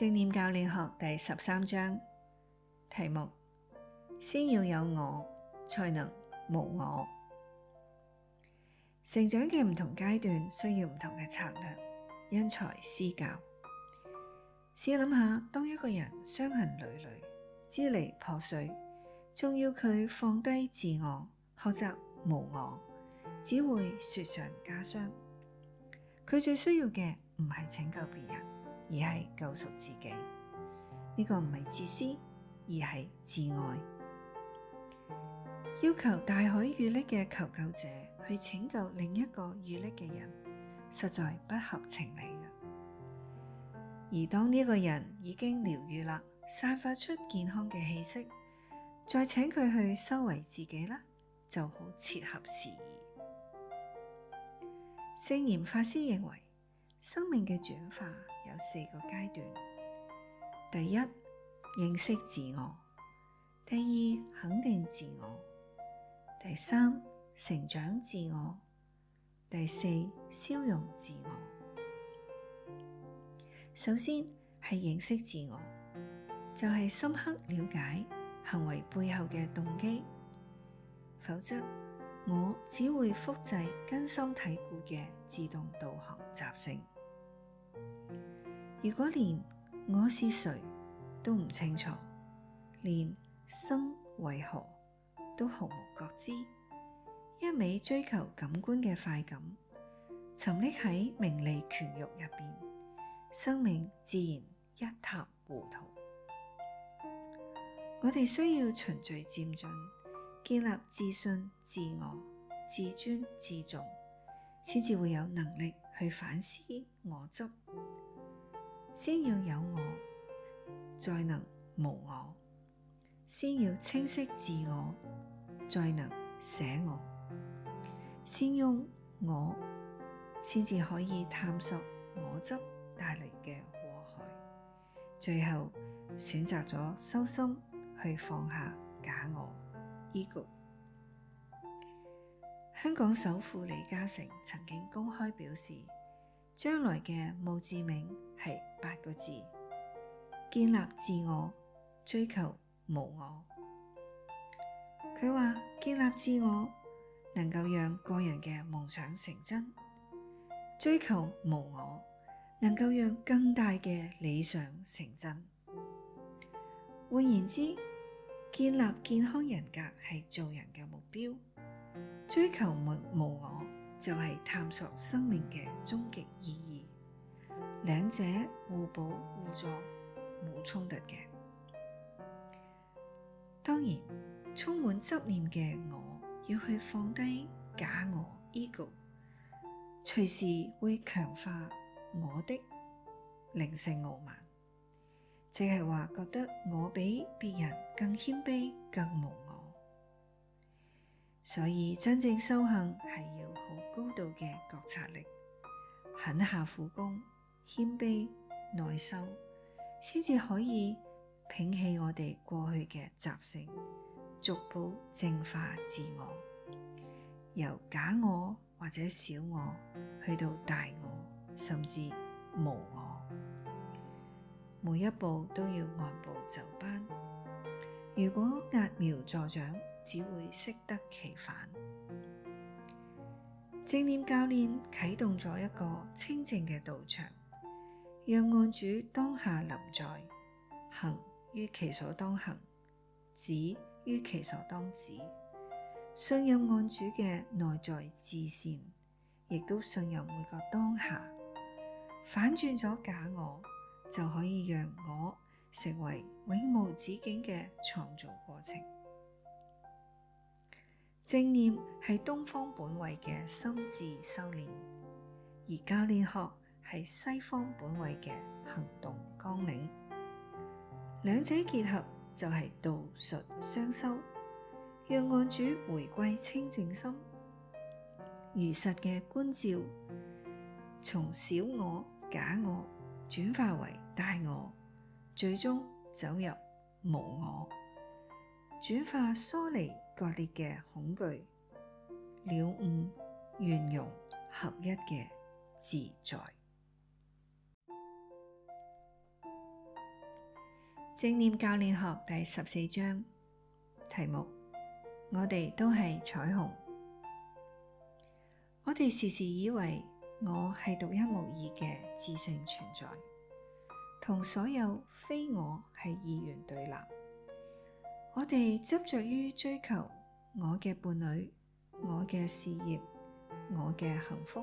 .正念教練學第十三章題目，先要有我，才能無我。成長嘅唔同階段需要唔同嘅策略，因材施教。試諗下，當一個人傷痕累累、支離破碎，仲要佢放低自我，學習無我，只會雪上加霜。佢最需要嘅唔係拯救別人。而係救贖自己，呢、這個唔係自私，而係自愛。要求大海遇溺嘅求救者去拯救另一個遇溺嘅人，實在不合情理嘅。而當呢個人已經療愈啦，散發出健康嘅氣息，再請佢去修為自己啦，就好切合時宜。聖嚴法師認為。生命嘅轉化有四個階段：第一，認識自我；第二，肯定自我；第三，成長自我；第四，消融自我。首先係認識自我，就係、是、深刻了解行為背後嘅動機，否則我只會複製根深蒂固嘅自動導航習性。如果連我是誰都唔清楚，連生為何都毫無覺知，一味追求感官嘅快感，沉溺喺名利權慾入面，生命自然一塌糊塗。我哋需要循序漸進，建立自信、自我、自尊、自重，先至會有能力去反思我執。先要有我，再能無我；先要清晰自我，再能捨我；先用我，先至可以探索我執帶嚟嘅禍害。最後選擇咗收心去放下假我。依局，香港首富李嘉誠曾經公開表示。將來嘅墓誌銘係八個字：建立自我，追求無我。佢話建立自我能夠讓個人嘅夢想成真，追求無我能夠讓更大嘅理想成真。換言之，建立健康人格係做人嘅目標，追求無無我。就係探索生命嘅終極意義，兩者互補互助，冇衝突嘅。當然，充滿執念嘅我要去放低假我 （ego），隨時會強化我的靈性傲慢，即係話覺得我比別人更謙卑、更無我。所以真正修行係要。高度嘅覺察力，狠下苦功，謙卑內收，先至可以摒棄我哋過去嘅習性，逐步淨化自我，由假我或者小我去到大我，甚至無我。每一步都要按部就班，如果揠苗助長，只會適得其反。正念教練啟動咗一個清靜嘅道場，讓案主當下臨在，行於其所當行，止於其所當止。信任案主嘅內在至善，亦都信任每個當下。反轉咗假我，就可以讓我成為永無止境嘅創造過程。正念係東方本位嘅心智修煉，而教練學係西方本位嘅行動綱領。兩者結合就係道術雙修，讓案主回歸清淨心，如實嘅觀照，從小我假我轉化為大我，最終走入無我。轉化疏離、割裂嘅恐懼，了悟圓融合一嘅自在。正念教練學第十四章題目：我哋都係彩虹。我哋時時以為我係獨一無二嘅自性存在，同所有非我係二元對立。我哋執着於追求我嘅伴侶、我嘅事業、我嘅幸福，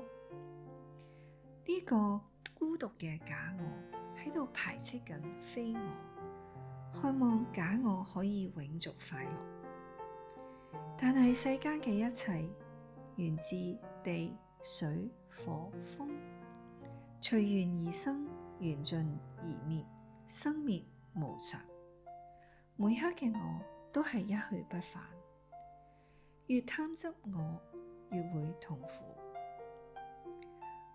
呢個孤獨嘅假我喺度排斥緊非我，渴望假我可以永續快樂。但係世間嘅一切源自地、水、火、風，隨緣而生，緣盡而滅，生滅無常。每刻嘅我都係一去不返，越貪執我越會痛苦。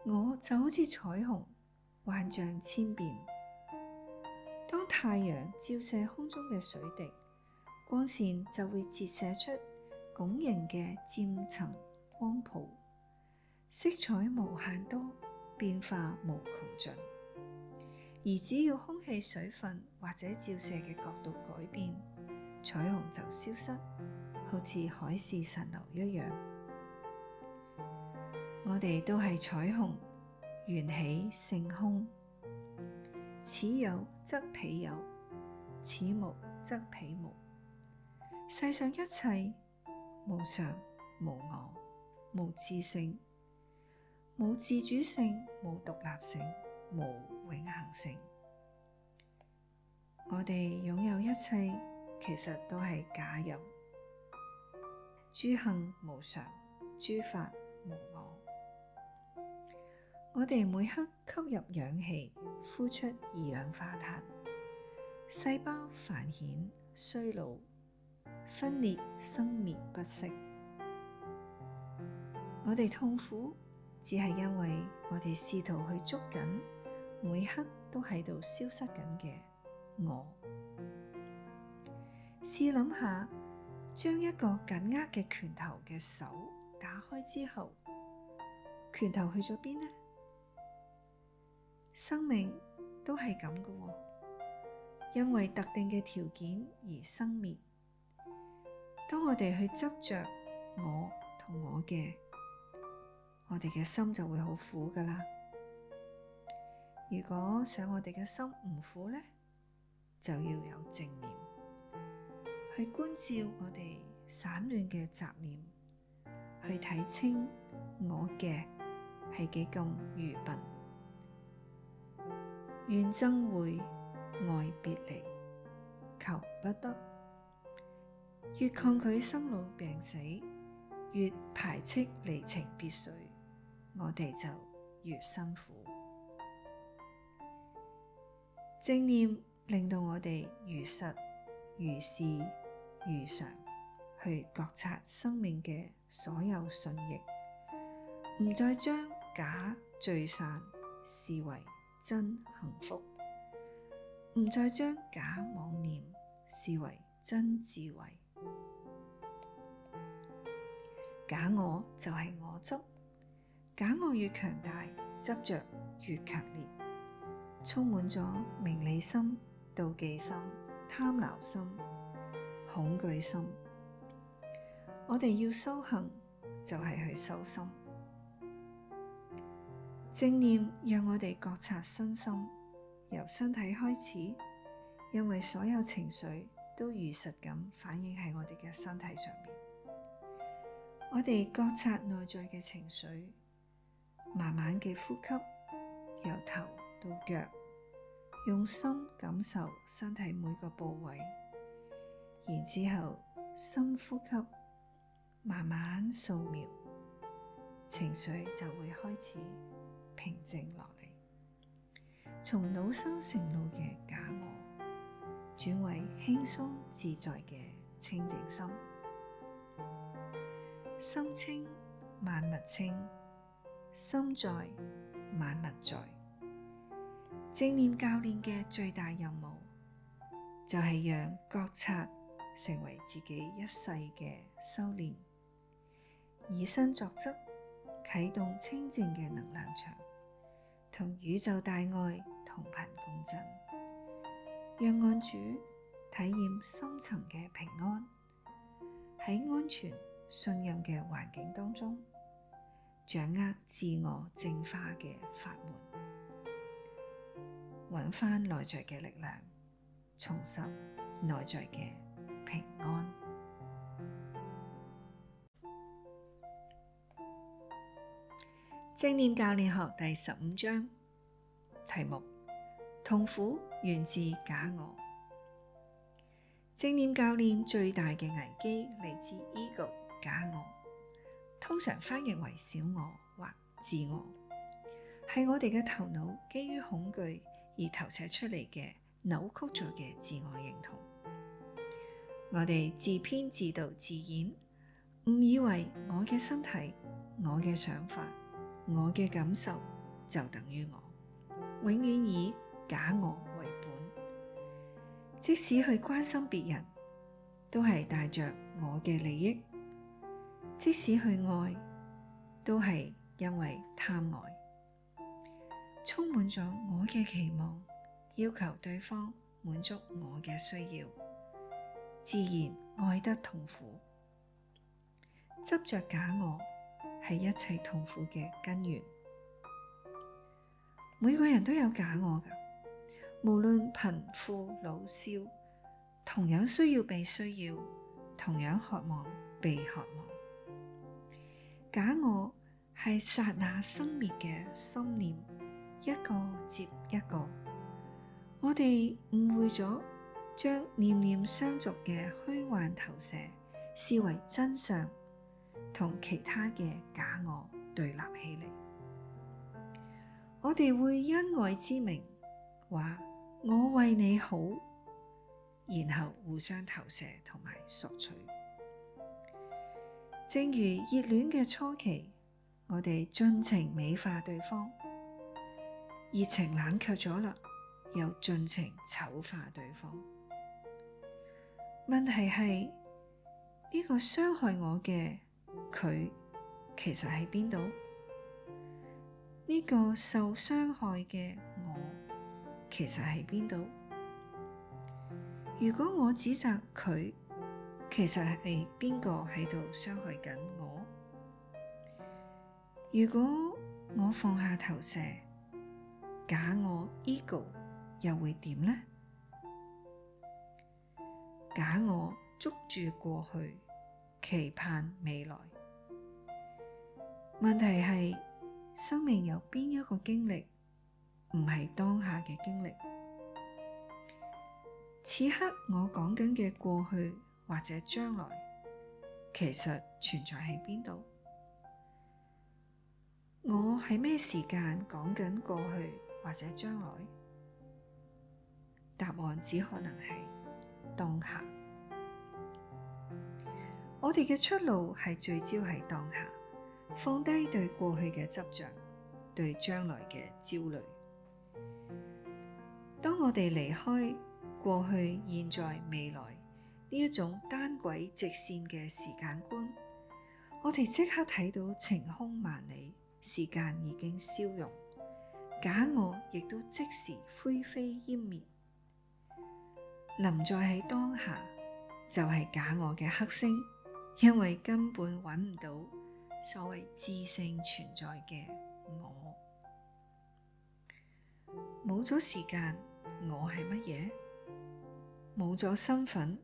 我就好似彩虹，幻象千變。當太陽照射空中嘅水滴，光線就會折射出拱形嘅漸層光譜，色彩無限多，變化無窮盡。而只要空氣、水分或者照射嘅角度改變，彩虹就消失，好似海市蜃樓一樣。我哋都係彩虹，緣起性空，此有則彼有，此無則彼無。世上一切無常、無我、無自性，無自主性、無獨立性。無永恆性，我哋擁有一切，其實都係假有。諸行無常，諸法無我。我哋每刻吸入氧氣，呼出二氧化碳，細胞繁衍衰老分裂，生滅不息。我哋痛苦，只係因為我哋試圖去捉緊。每刻都喺度消失緊嘅我，試諗下，將一個緊握嘅拳頭嘅手打開之後，拳頭去咗邊呢？生命都係咁噶喎，因為特定嘅條件而生滅。當我哋去執着我同我嘅，我哋嘅心就會好苦噶啦。如果想我哋嘅心唔苦咧，就要有正念去觀照我哋散亂嘅雜念，去睇清我嘅係幾咁愚笨，怨憎會、愛別離、求不得，越抗拒生老病死，越排斥離情別緒，我哋就越辛苦。正念令到我哋如實、如是、如常，去覺察生命嘅所有順逆，唔再將假聚散視為真幸福，唔再將假妄念視為真智慧。假我就係我執，假我越強大，執着越強烈。充滿咗名利心、妒忌心、貪婪心、恐懼心。我哋要修行，就係去修心。正念，讓我哋覺察身心，由身體開始，因為所有情緒都如實咁反映喺我哋嘅身體上面。我哋覺察內在嘅情緒，慢慢嘅呼吸，由頭。到腳，用心感受身體每個部位，然之後深呼吸，慢慢掃描，情緒就會開始平靜落嚟，從惱羞成怒嘅假我轉為輕鬆自在嘅清淨心。心清，萬物清；心在，萬物在。正念教練嘅最大任務，就係讓覺察成為自己一世嘅修煉，以身作則，啟動清靜嘅能量場，同宇宙大愛同頻共振，讓案主體驗深層嘅平安，喺安全、信任嘅環境當中，掌握自我淨化嘅法門。揾翻內在嘅力量，重拾內在嘅平安。正念教練學第十五章題目：痛苦源自假我。正念教練最大嘅危機嚟自 Ego 假我，通常翻譯為小我或自我，係我哋嘅頭腦基於恐懼，而投射出嚟嘅扭曲咗嘅自我認同，我哋自編自導自演，誤以為我嘅身體、我嘅想法、我嘅感受就等於我，永遠以假我為本。即使去關心別人，都係帶着我嘅利益；即使去愛，都係因為貪愛。充滿咗我嘅期望，要求對方滿足我嘅需要，自然愛得痛苦。執着假我係一切痛苦嘅根源。每個人都有假我㗎，無論貧富老少，同樣需要被需要，同樣渴望被渴望。假我係剎那生滅嘅心念。一個接一個，我哋誤會咗，將念念相續嘅虛幻投射視為真相，同其他嘅假我對立起嚟。我哋會因愛之名話我為你好，然後互相投射同埋索取。正如熱戀嘅初期，我哋盡情美化對方。熱情冷卻咗啦，又盡情醜化對方。問題係呢個傷害我嘅佢，其實喺邊度？呢個受傷害嘅我，其實喺邊度？如果我指責佢，其實係邊個喺度傷害緊我？如果我放下投射？假我 ego 又會點呢？假我捉住過去，期盼未來。問題係，生命有邊一個經歷唔係當下嘅經歷？此刻我講緊嘅過去或者將來，其實存在喺邊度？我喺咩時間講緊過去？或者將來，答案只可能係當下。我哋嘅出路係聚焦喺當下，放低對過去嘅執着，對將來嘅焦慮。當我哋離開過去、現在、未來呢一種單軌直線嘅時間觀，我哋即刻睇到晴空萬里，時間已經消融。假我亦都即時灰飛煙滅，臨在喺當下就係、是、假我嘅剋星，因為根本揾唔到所謂自性存在嘅我。冇咗時間，我係乜嘢？冇咗身份，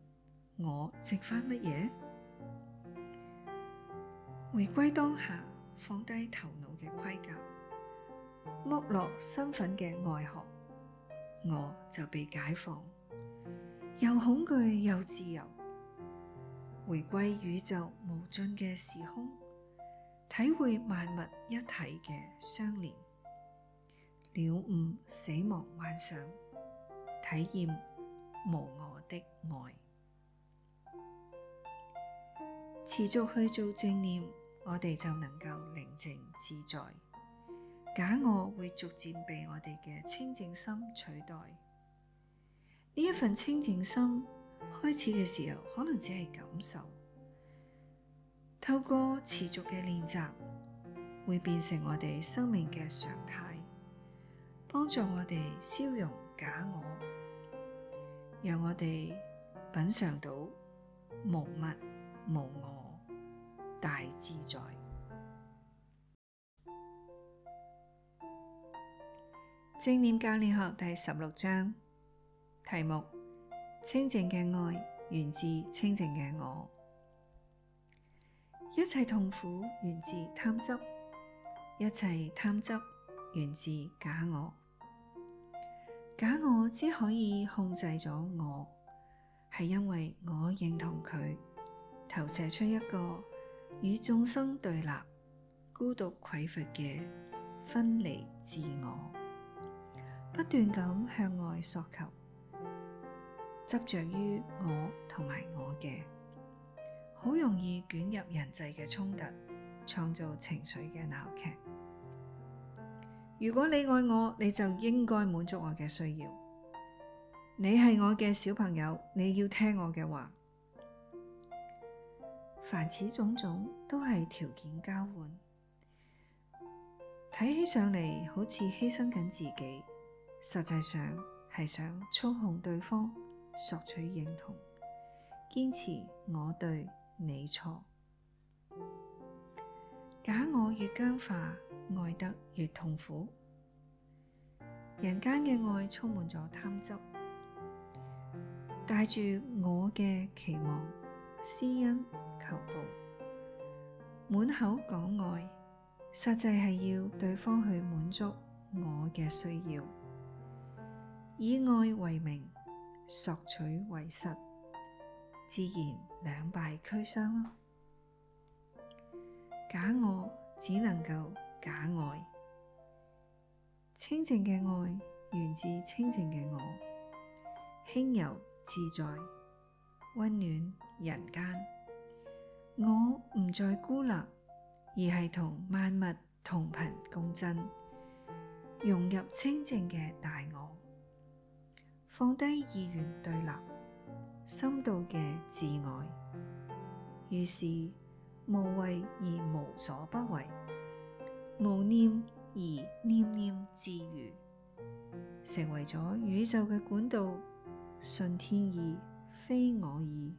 我剩翻乜嘢？回歸當下，放低頭腦嘅盔甲。剝落身份嘅外殼，我就被解放，又恐懼又自由，回歸宇宙無盡嘅時空，體會萬物一體嘅相連，了悟死亡幻想，體驗無我嘅愛，持續去做正念，我哋就能夠寧靜自在。假我會逐漸被我哋嘅清淨心取代。呢一份清淨心開始嘅時候，可能只係感受，透過持續嘅練習，會變成我哋生命嘅常態，幫助我哋消融假我，讓我哋品嘗到無物、無我，大自在。正念教練學第十六章題目：清淨嘅愛源自清淨嘅我，一切痛苦源自貪執，一切貪執源自假我，假我之所以控制咗我，係因為我認同佢，投射出一個與眾生對立、孤獨匱乏嘅分離自我。不斷咁向外索求，執着於我同埋我嘅，好容易捲入人際嘅衝突，創造情緒嘅鬧劇。如果你愛我，你就應該滿足我嘅需要。你係我嘅小朋友，你要聽我嘅話。凡此種種都係條件交換，睇起上嚟好似犧牲緊自己。實際上係想操控對方，索取認同，堅持我對你錯，假我越僵化，愛得越痛苦。人間嘅愛充滿咗貪執，帶住我嘅期望、施恩求報，滿口講愛，實際係要對方去滿足我嘅需要。以愛為名，索取為實，自然兩敗俱傷咯。假我只能夠假愛，清淨嘅愛源自清淨嘅我，輕柔自在，溫暖人間。我唔再孤立，而係同萬物同頻共振，融入清淨嘅大我。放低意願對立，深度嘅自愛，於是無為而無所不為，無念而念念自如，成為咗宇宙嘅管道。順天意，非我意，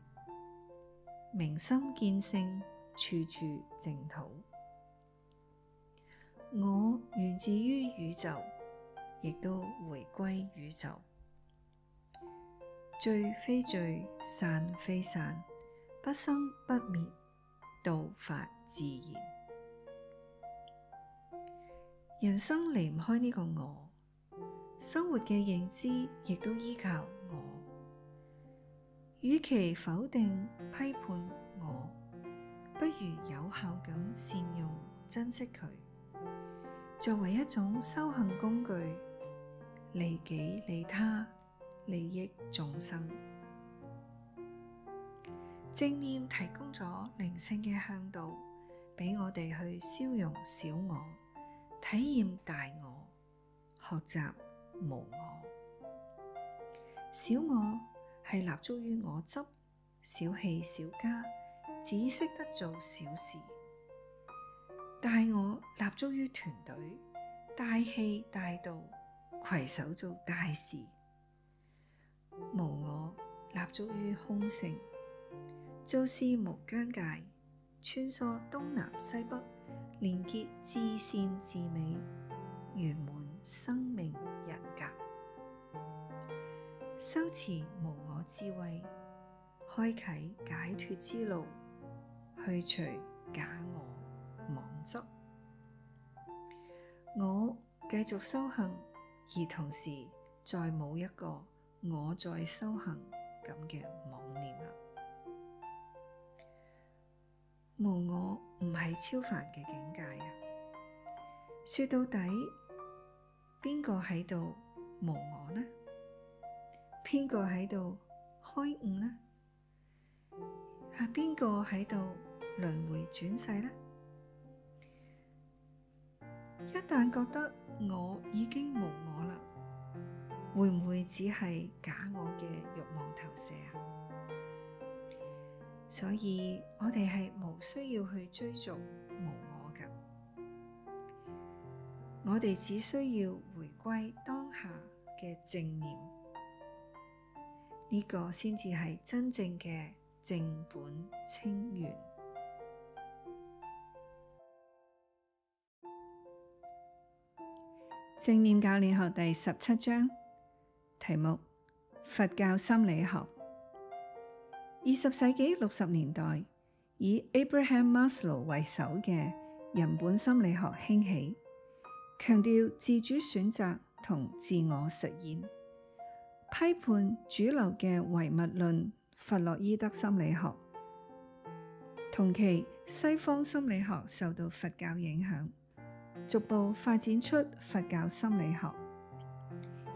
明心見性，處處淨土。我源自於宇宙，亦都回歸宇宙。聚非聚，散非散，不生不滅，道法自然。人生離唔開呢個我，生活嘅認知亦都依靠我。與其否定批判我，不如有效咁善用珍惜佢，作為一種修行工具，利己利他。利益眾生，正念提供咗靈性嘅向導，畀我哋去消融小我，體驗大我，學習無我。小我係立足於我執，小氣小家，只識得做小事；大我立足於團隊，大氣大度，攜手做大事。無我立足於空性，做事無疆界，穿梭東南西北，連結至善至美，圓滿生命人格。修持無我智慧，開啟解脱之路，去除假我妄執。我繼續修行，而同時再冇一個。我在修行咁嘅妄念啊，無我唔係超凡嘅境界啊。說到底，邊個喺度無我呢？邊個喺度開悟呢？係邊個喺度輪迴轉世呢？一旦覺得我已經無我啦。會唔會只係假我嘅欲望投射啊？所以我哋係無需要去追逐無我噶，我哋只需要回歸當下嘅正念，呢個先至係真正嘅正本清源。正念教練學第十七章。題目：佛教心理學。二十世紀六十年代，以 Abraham Maslow 為首嘅人本心理學興起，強調自主選擇同自我實現，批判主流嘅唯物論、弗洛伊德心理學。同期，西方心理學受到佛教影響，逐步發展出佛教心理學。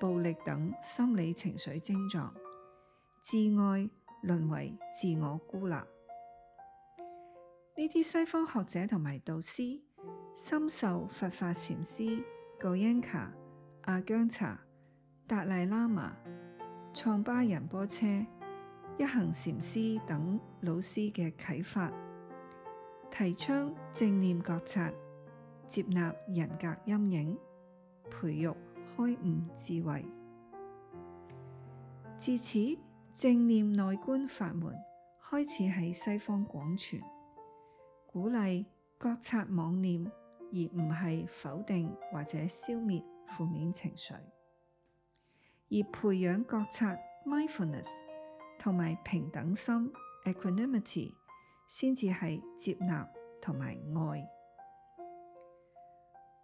暴力等心理情緒症狀，自愛淪為自我孤立。呢啲西方學者同埋導師，深受佛法禪師葛印卡、阿姜查、達賴喇嘛、創巴仁波切、一行禪師等老師嘅啟發，提倡正念覺察、接納人格陰影、培育。開悟智慧，自此，正念內觀法門開始喺西方廣傳，鼓勵覺察妄念，而唔係否定或者消滅負面情緒，而培養覺察 mindfulness 同埋平等心 equanimity，先至係接納同埋愛，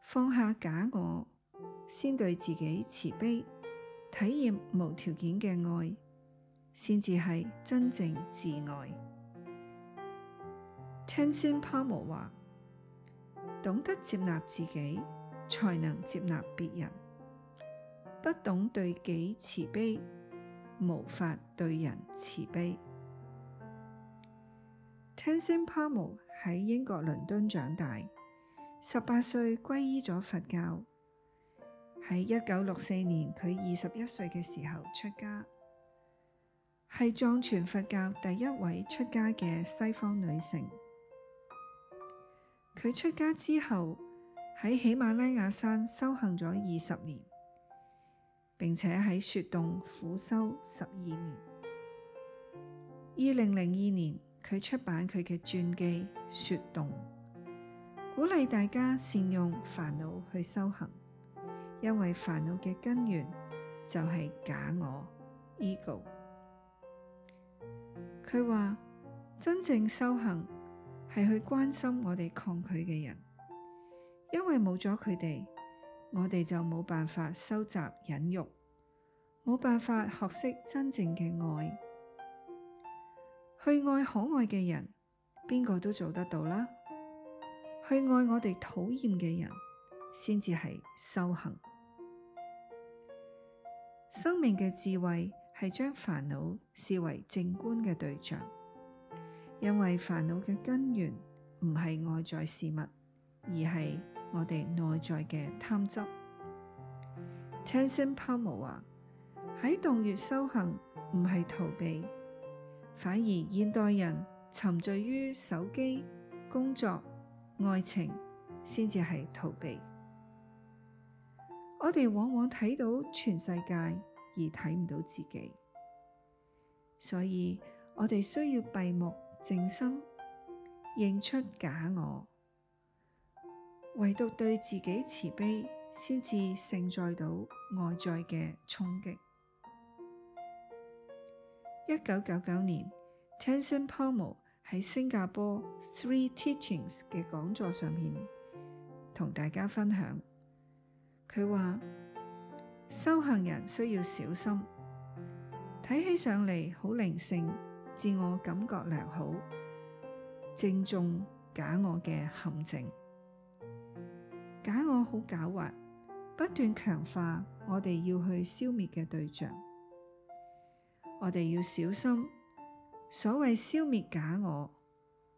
放下假我。先對自己慈悲，體驗無條件嘅愛，先至係真正自愛。Tenzin Palmo 話：懂得接納自己，才能接納別人。不懂對己慈悲，無法對人慈悲。Tenzin Palmo 喺英國倫敦長大，十八歲皈依咗佛教。喺一九六四年，佢二十一歲嘅時候出家，係藏傳佛教第一位出家嘅西方女性。佢出家之後，喺喜馬拉雅山修行咗二十年，並且喺雪洞苦修十二年。二零零二年，佢出版佢嘅傳記《雪洞》，鼓勵大家善用煩惱去修行。因為煩惱嘅根源就係假我 ego。佢、e、話真正修行係去關心我哋抗拒嘅人，因為冇咗佢哋，我哋就冇辦法收集忍辱，冇辦法學識真正嘅愛。去愛可愛嘅人，邊個都做得到啦。去愛我哋討厭嘅人。先至係修行。生命嘅智慧係將煩惱視為正觀嘅對象，因為煩惱嘅根源唔係外在事物，而係我哋內在嘅貪執。Tenzin Palmo 話：喺洞穴修行唔係逃避，反而現代人沉醉於手機、工作、愛情，先至係逃避。我哋往往睇到全世界而睇唔到自己，所以我哋需要閉目靜心，認出假我，唯獨對自己慈悲，先至承載到外在嘅衝擊。一九九九年，Tenzin Palmo 喺新加坡 Three Teachings 嘅講座上面同大家分享。佢話修行人需要小心，睇起上嚟好靈性，自我感覺良好，正中假我嘅陷阱。假我好狡猾，不斷強化我哋要去消滅嘅對象。我哋要小心，所謂消滅假我，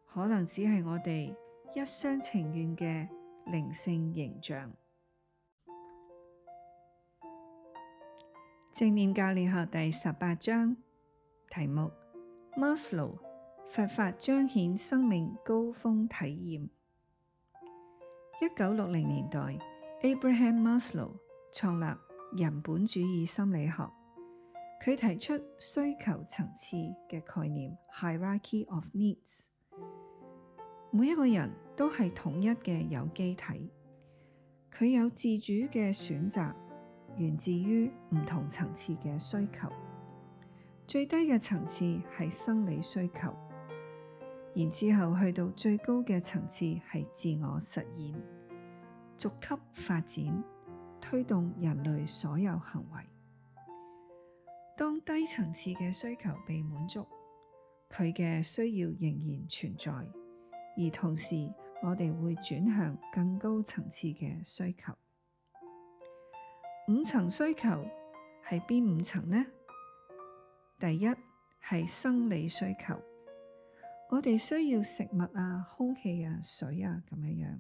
可能只係我哋一廂情願嘅靈性形象。正念教練學第十八章題目：Maslow 佛法彰顯生命高峰體驗。一九六零年代，Abraham Maslow 創立人本主義心理學，佢提出需求層次嘅概念 （Hierarchy of Needs）。每一個人都係統一嘅有機體，佢有自主嘅選擇。源自於唔同層次嘅需求，最低嘅層次係生理需求，然之後去到最高嘅層次係自我實現，逐級發展，推動人類所有行為。當低層次嘅需求被滿足，佢嘅需要仍然存在，而同時我哋會轉向更高層次嘅需求。五層需求係邊五層呢？第一係生理需求，我哋需要食物啊、空氣啊、水啊咁樣。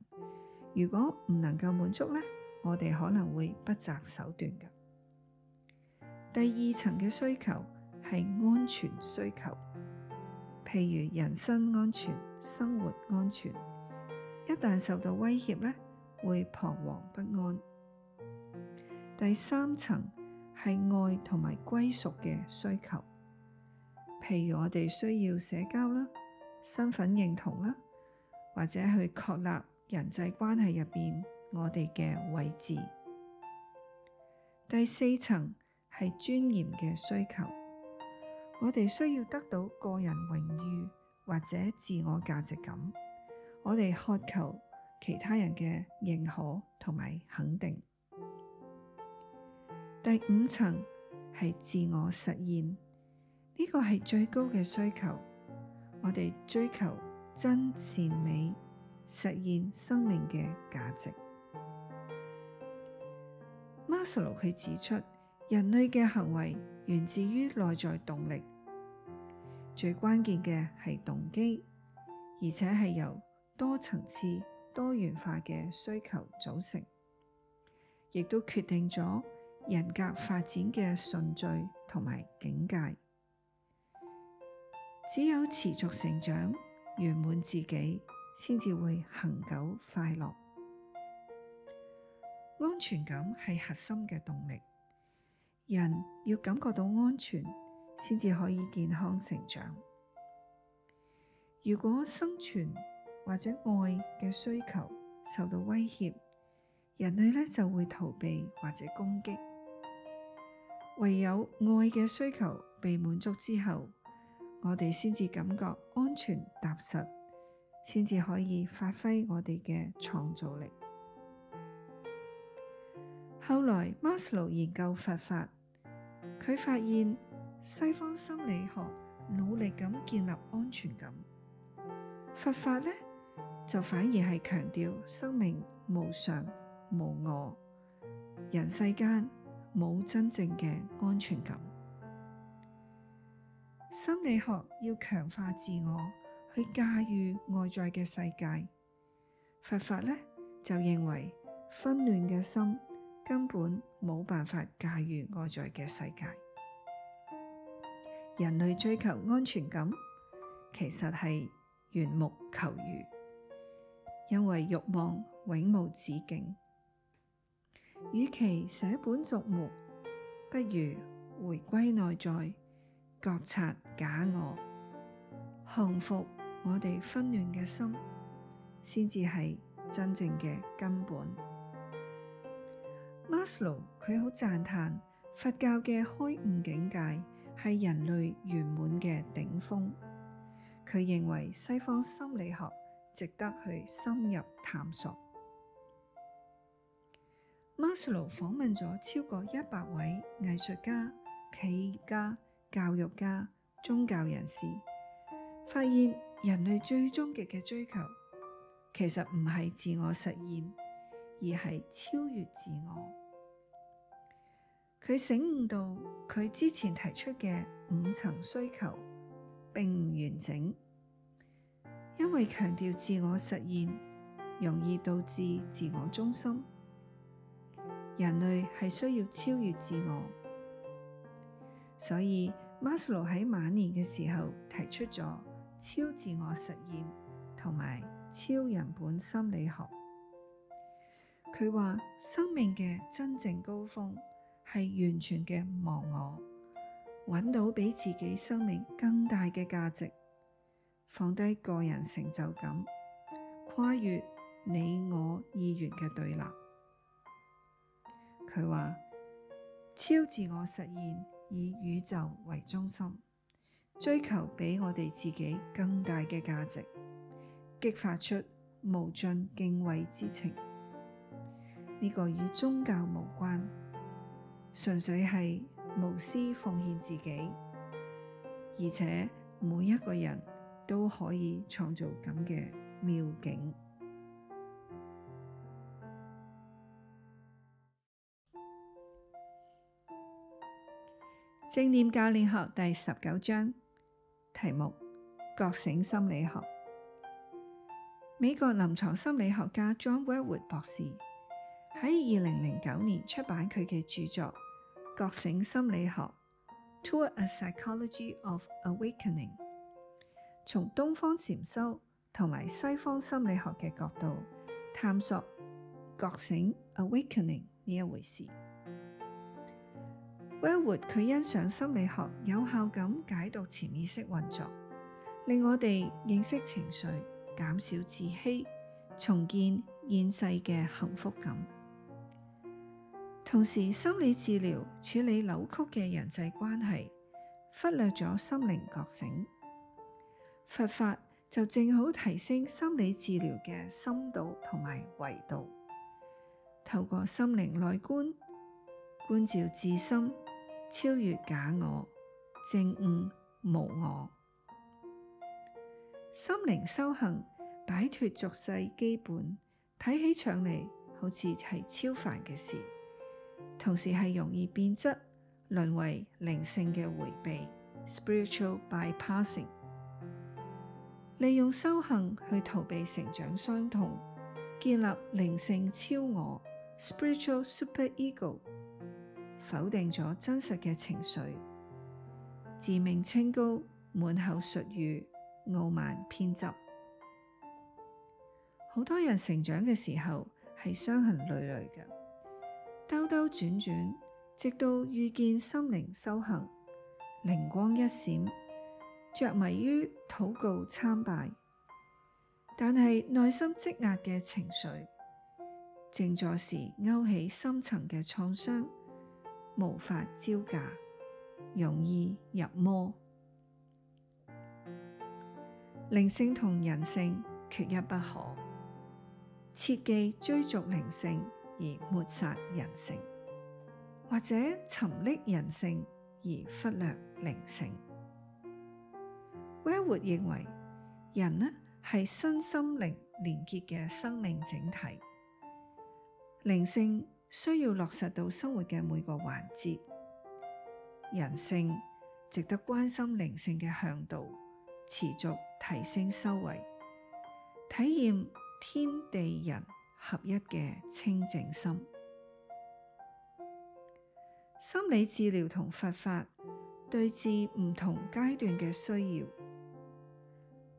如果唔能夠滿足呢，我哋可能會不擇手段噶。第二層嘅需求係安全需求，譬如人身安全、生活安全，一旦受到威脅呢，會彷徨不安。第三層係愛同埋歸屬嘅需求，譬如我哋需要社交啦、身份認同啦，或者去確立人際關係入邊我哋嘅位置。第四層係尊嚴嘅需求，我哋需要得到個人榮譽或者自我價值感，我哋渴求其他人嘅認可同埋肯定。第五層係自我實現，呢個係最高嘅需求。我哋追求真善美，實現生命嘅價值。Maslow 佢指出，人類嘅行為源自於內在動力，最關鍵嘅係動機，而且係由多層次多元化嘅需求組成，亦都決定咗。人格發展嘅順序同埋境界，只有持續成長、圓滿自己，先至會恒久快樂。安全感係核心嘅動力，人要感覺到安全，先至可以健康成長。如果生存或者愛嘅需求受到威脅，人類呢就會逃避或者攻擊。唯有愛嘅需求被滿足之後，我哋先至感覺安全踏實，先至可以發揮我哋嘅創造力。後來 Maslow 研究佛法，佢發現西方心理學努力咁建立安全感，佛法呢，就反而係強調生命無常無我，人世間，冇真正嘅安全感，心理學要強化自我去駕馭外在嘅世界。佛法呢，就認為紛亂嘅心根本冇辦法駕馭外在嘅世界。人類追求安全感，其實係緣木求魚，因為欲望永無止境。與其捨本逐末，不如回歸內在，覺察假我，降服我哋紛亂嘅心，先至係真正嘅根本。Maslow 佢好讚歎佛教嘅開悟境界係人類圓滿嘅頂峰。佢認為西方心理學值得去深入探索。馬斯洛訪問咗超過一百位藝術家、企業家、教育家、宗教人士，發現人類最終極嘅追求其實唔係自我實現，而係超越自我。佢醒悟到，佢之前提出嘅五層需求並唔完整，因為強調自我實現容易導致自我中心。人類係需要超越自我，所以 Maslow 馬斯洛喺晚年嘅時候提出咗超自我實現同埋超人本心理學。佢話生命嘅真正高峰係完全嘅忘我，搵到比自己生命更大嘅價值，放低個人成就感，跨越你我意願嘅對立。佢話超自我實現以宇宙為中心，追求比我哋自己更大嘅價值，激發出無盡敬畏之情。呢個與宗教無關，純粹係無私奉獻自己，而且每一個人都可以創造咁嘅妙境。正念教練學第十九章題目：覺醒心理學。美國臨床心理學家 John Welwood 博士喺二零零九年出版佢嘅著作《覺醒心理學》（Tour a Psychology of Awakening），從東方禪修同埋西方心理學嘅角度探索覺醒、awakening 呢一回事。威爾活佢欣賞心理學，有效咁解讀潛意識運作，令我哋認識情緒，減少自欺，重建現世嘅幸福感。同時，心理治療處理扭曲嘅人際關係，忽略咗心靈覺醒，佛法就正好提升心理治療嘅深度同埋維度，透過心靈內觀，觀照自心。超越假我，正悟無我，心靈修行擺脫俗世基本，睇起上嚟好似係超凡嘅事，同時係容易變質，淪為靈性嘅迴避 （spiritual bypassing）。利用修行去逃避成長傷痛，建立靈性超我 （spiritual super ego）。否定咗真實嘅情緒，自命清高，滿口術語，傲慢偏執。好多人成長嘅時候係傷痕累累嘅，兜兜轉轉，直到遇見心靈修行，靈光一閃，着迷於禱告參拜，但係內心積壓嘅情緒，靜坐時勾起深層嘅創傷。無法招架，容易入魔。靈性同人性缺一不可，切忌追逐靈性而抹殺人性，或者沉溺人性而忽略靈性。Welwood 認為，人呢係身心靈連結嘅生命整體，靈性。需要落實到生活嘅每個環節，人性值得關心，靈性嘅向導持續提升修為，體驗天地人合一嘅清淨心，心。心理治療同佛法對治唔同階段嘅需要，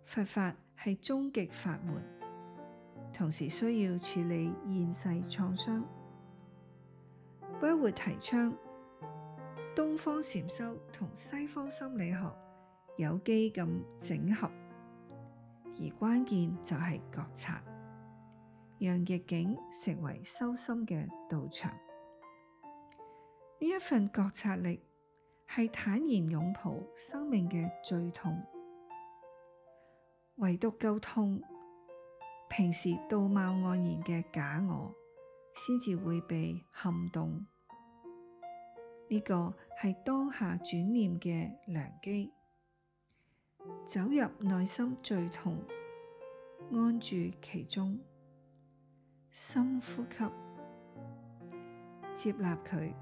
佛法係終極法門，同時需要處理現世創傷。不會提倡東方禪修同西方心理學有機咁整合，而關鍵就係覺察，讓逆境成為修心嘅道場。呢一份覺察力係坦然擁抱生命嘅最痛，唯獨夠痛，平時道貌岸然嘅假我先至會被撼動，呢、這個係當下轉念嘅良機。走入內心最痛，安住其中，深呼吸，接納佢，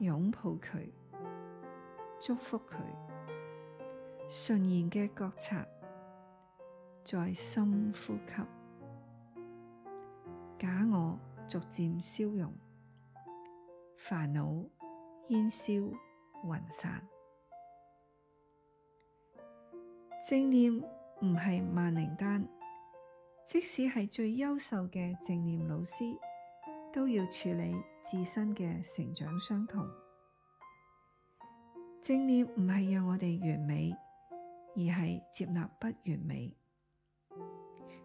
擁抱佢，祝福佢，純然嘅覺察，再深呼吸。假我逐漸消融，煩惱煙消雲散。正念唔係萬靈丹，即使係最優秀嘅正念老師，都要處理自身嘅成長傷痛。正念唔係讓我哋完美，而係接納不完美，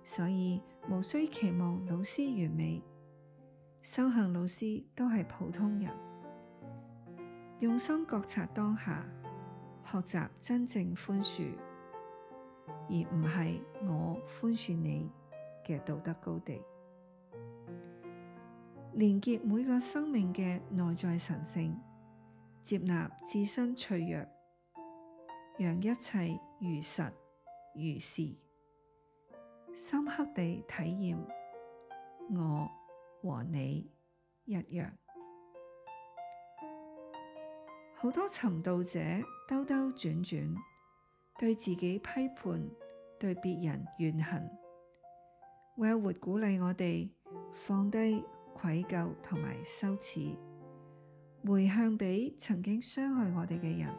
所以。無需期望老師完美，修行老師都係普通人。用心覺察當下，學習真正寬恕，而唔係我寬恕你嘅道德高地。連結每個生命嘅內在神聖，接納自身脆弱，讓一切如實如是。深刻地體驗，我和你一樣，好多尋道者兜兜轉轉，對自己批判，對別人怨恨。唯有活鼓勵我哋放低愧疚同埋羞恥，回向俾曾經傷害我哋嘅人，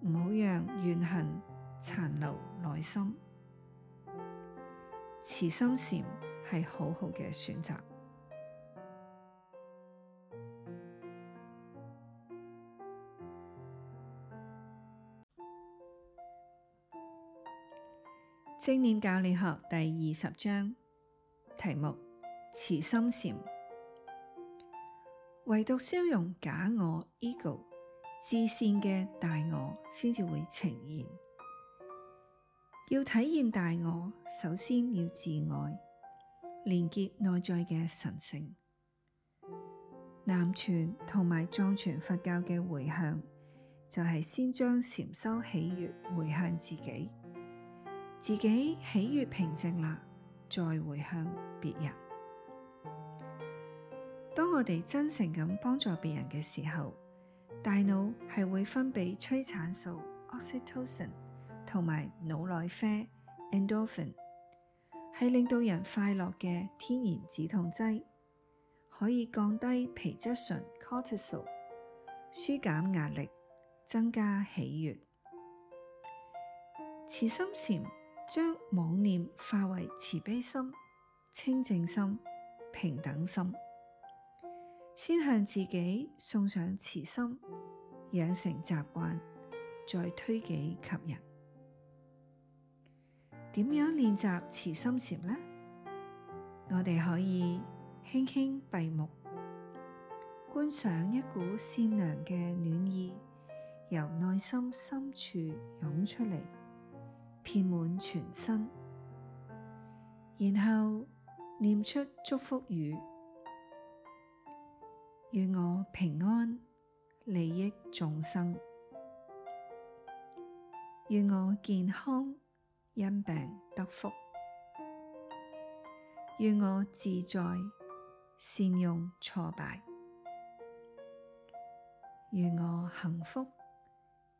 唔好讓怨恨殘留內心。慈心禪係好好嘅選擇，《正念教練學》第二十章，題目：慈心禪。唯獨消融假我 （ego） 至善嘅大我，先至會呈現。要體現大我，首先要自愛，連結內在嘅神聖。南傳同埋藏傳佛教嘅回向，就係先將禪修喜悦回向自己，自己喜悦平靜啦，再回向別人。當我哋真誠咁幫助別人嘅時候，大腦係會分泌催產素 （oxytocin）。同埋腦內啡 endorphin 係令到人快樂嘅天然止痛劑，可以降低皮質醇 cortisol，舒減壓力，增加喜悅。慈心禪將妄念化為慈悲心、清淨心、平等心。先向自己送上慈心，養成習慣，再推己及人。點樣練習慈心禪呢？我哋可以輕輕閉目，觀賞一股善良嘅暖意由內心深處湧出嚟，遍滿全身，然後念出祝福語：願我平安，利益眾生；願我健康。因病得福，願我自在，善用挫敗，願我幸福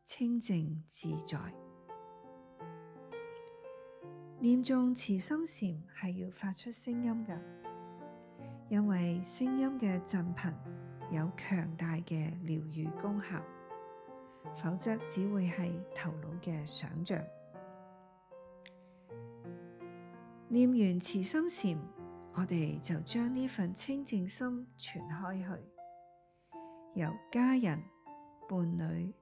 清靜自在。念誦慈心禪係要發出聲音嘅，因為聲音嘅振頻有強大嘅療愈功效，否則只會係頭腦嘅想象。念完慈心禪，我哋就將呢份清淨心傳開去，由家人、伴侶、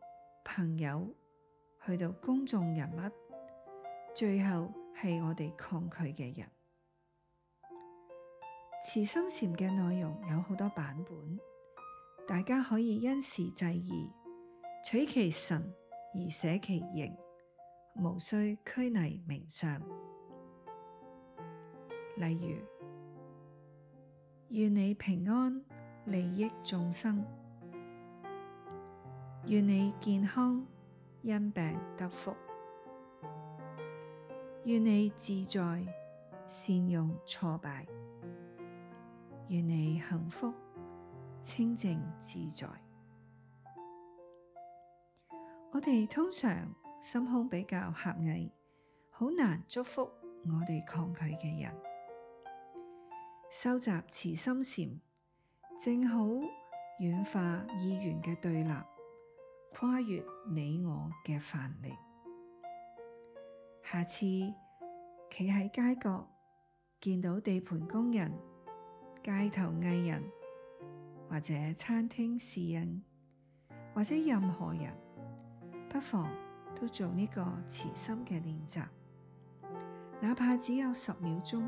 朋友去到公眾人物，最後係我哋抗拒嘅人。慈心禪嘅內容有好多版本，大家可以因時制宜，取其神而捨其形，無需拘泥名相。例如，願你平安，利益眾生，願你健康，因病得福，願你自在，善用挫敗，願你幸福，清淨自在。我哋通常心胸比較狹隘，好難祝福我哋抗拒嘅人。收集慈心禪，正好軟化意願嘅對立，跨越你我嘅藩籬。下次企喺街角，見到地盤工人、街頭藝人或者餐廳侍應，或者任何人，不妨都做呢個慈心嘅練習，哪怕只有十秒鐘。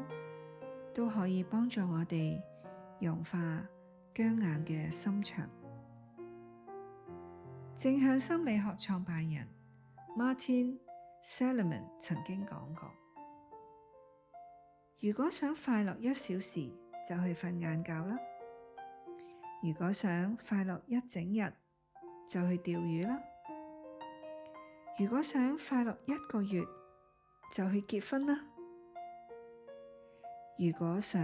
都可以幫助我哋融化僵硬嘅心腸。正向心理學創辦人 Martin Seligman 曾經講過：如果想快樂一小時，就去瞓晏覺啦；如果想快樂一整日，就去釣魚啦；如果想快樂一個月，就去結婚啦。如果想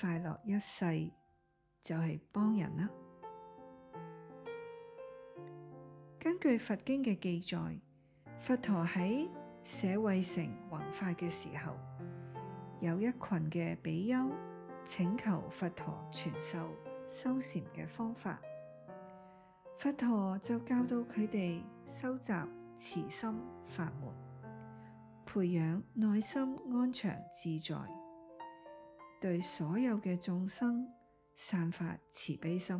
快樂一世，就係、是、幫人啦。根據佛經嘅記載，佛陀喺舍衛城弘法嘅時候，有一群嘅比丘請求佛陀傳授修禪嘅方法，佛陀就教導佢哋修習慈心法門，培養內心安詳自在，對所有嘅眾生散發慈悲心，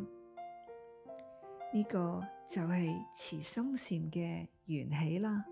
呢、這個就係慈心禪嘅緣起啦。